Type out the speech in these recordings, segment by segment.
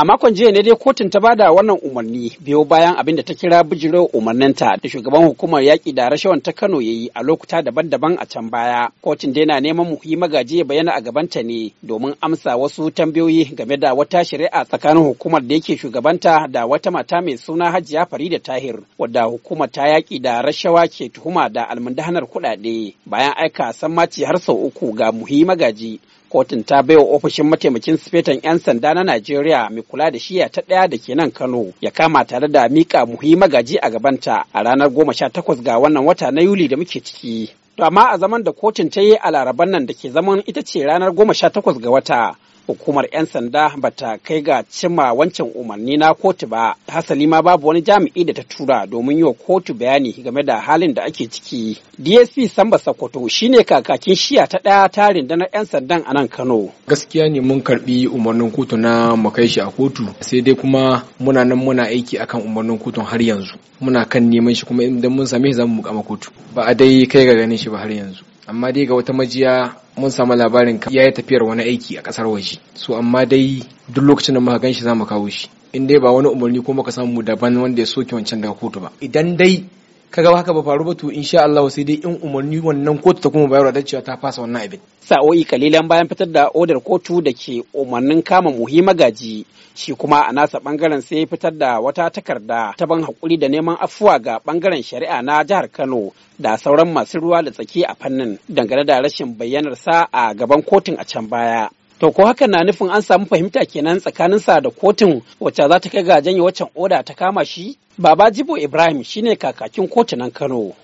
A makon jiya ne dai kotun ta bada wannan umarni biyo bayan abin da ta kira bijirar umarninta da shugaban hukumar yaƙi da rashawan ta Kano ya yi a lokuta daban-daban a can baya. Kotun dai na neman mu yi magaji ya bayyana a gabanta ne domin amsa wasu tambayoyi game da wata shari'a tsakanin hukumar da yake shugabanta da wata mata mai suna Hajiya Farida Tahir wadda hukumar ta yaƙi da rashawa ke tuhuma da almundahanar kuɗaɗe bayan aika sammaci har sau uku ga muhi magaji kotun ta baiwa ofishin mataimakin sifetan 'yan sanda na najeriya mai kula da shiya ta ɗaya da ke nan kano ya kama tare da mika muhi magaji a gabanta a ranar goma sha takwas ga wannan wata na yuli da muke ciki to amma a zaman da kotun ta yi a laraban nan da ke zaman ita ce ranar goma sha takwas ga wata hukumar 'yan sanda ba ta kai ga cima wancan umarni na kotu ba hasali ma babu wani jami'i da ta tura domin yi wa kotu bayani game da halin da ake ciki dsp samba sokoto shine kakakin shiya ta ɗaya ta na 'yan sandan a nan kano gaskiya ne mun karbi umarnin kotu na mu kai shi a kotu sai dai kuma muna nan muna aiki akan umarnin kotun har yanzu muna kan neman shi kuma idan mun same shi za mu kama kotu ba a dai kai ga ganin shi ba har yanzu amma dai ga wata majiya mun samu labarin ya yi tafiyar wani aiki a kasar waje so amma dai duk lokacin da muka ganshi za mu kawo shi in dai ba wani umarni ko muka samu daban wanda ya soke wancan daga kotu ba idan dai kaga haka ba faru ba to sha Allah sai dai in umarni wannan kotu ta kuma bayarwa da cewa ta fasa wannan abin sa'o'i kalilan bayan fitar da odar kotu da ke umarnin kama muhi magaji shi kuma a nasa bangaren sai fitar da wata takarda ta ban hakuri da neman afuwa ga bangaren shari'a na jihar Kano da sauran masu ruwa da tsaki a fannin dangane da rashin bayyanar sa a gaban kotun a can baya To ko hakan na nufin an samu fahimta kenan tsakanin sa da kotun wacce za ta kai ga janye waccan oda ta kama shi? Baba Jibo Ibrahim shine kakakin kotunan Kano.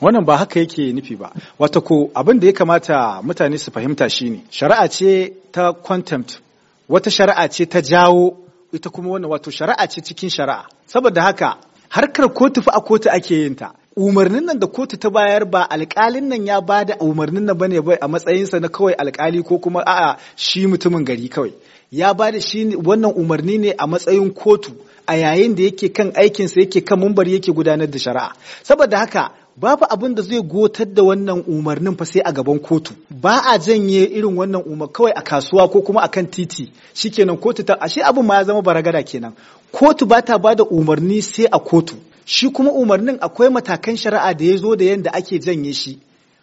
Wannan ba haka yake nufi ba. Wata ko abin da ya kamata mutane su fahimta shine shari'a ce ta contempt wata shari'a ce ta jawo ita kuma wannan wato shari'a ce cikin shari'a. Saboda haka harkar kotu fa a kotu ake yin ta. umarnin nan da kotu ta bayar ba alkalin nan ya ba da umarnin nan bane bai a matsayinsa na kawai alkali ko kuma a'a shi mutumin gari kawai ya ba da shi wannan umarni ne a matsayin kotu a yayin da yake kan aikinsa yake kan mumbar yake gudanar da shari'a saboda haka babu abin da zai gotar da wannan umarnin fa sai a gaban kotu ba a janye irin wannan umar kawai a kasuwa ko kuma a kan titi shikenan kotu ta ashe abin ma ya zama baragada kenan kotu ba ta ba da umarni sai a kotu shi kuma umarnin akwai matakan shari'a da ya zo da yadda ake janye shi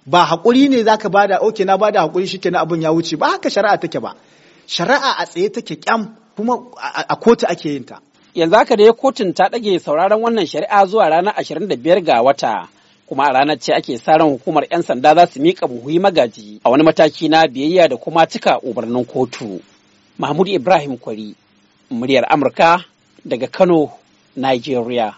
ba haƙuri ne za ka bada oke na bada haƙuri shi kenan abin ya wuce ba haka shari'a take ba shari'a a tsaye take kyam kuma a kotu ake yin ta yanzu haka da dai kotun ta ɗage sauraron wannan shari'a zuwa ranar ashirin da biyar ga wata kuma a ranar ce ake sa ran hukumar 'yan sanda za su miƙa buhuyi magaji a wani mataki na biyayya da kuma cika umarnin kotu mahmud ibrahim kwari muryar amurka daga kano nigeria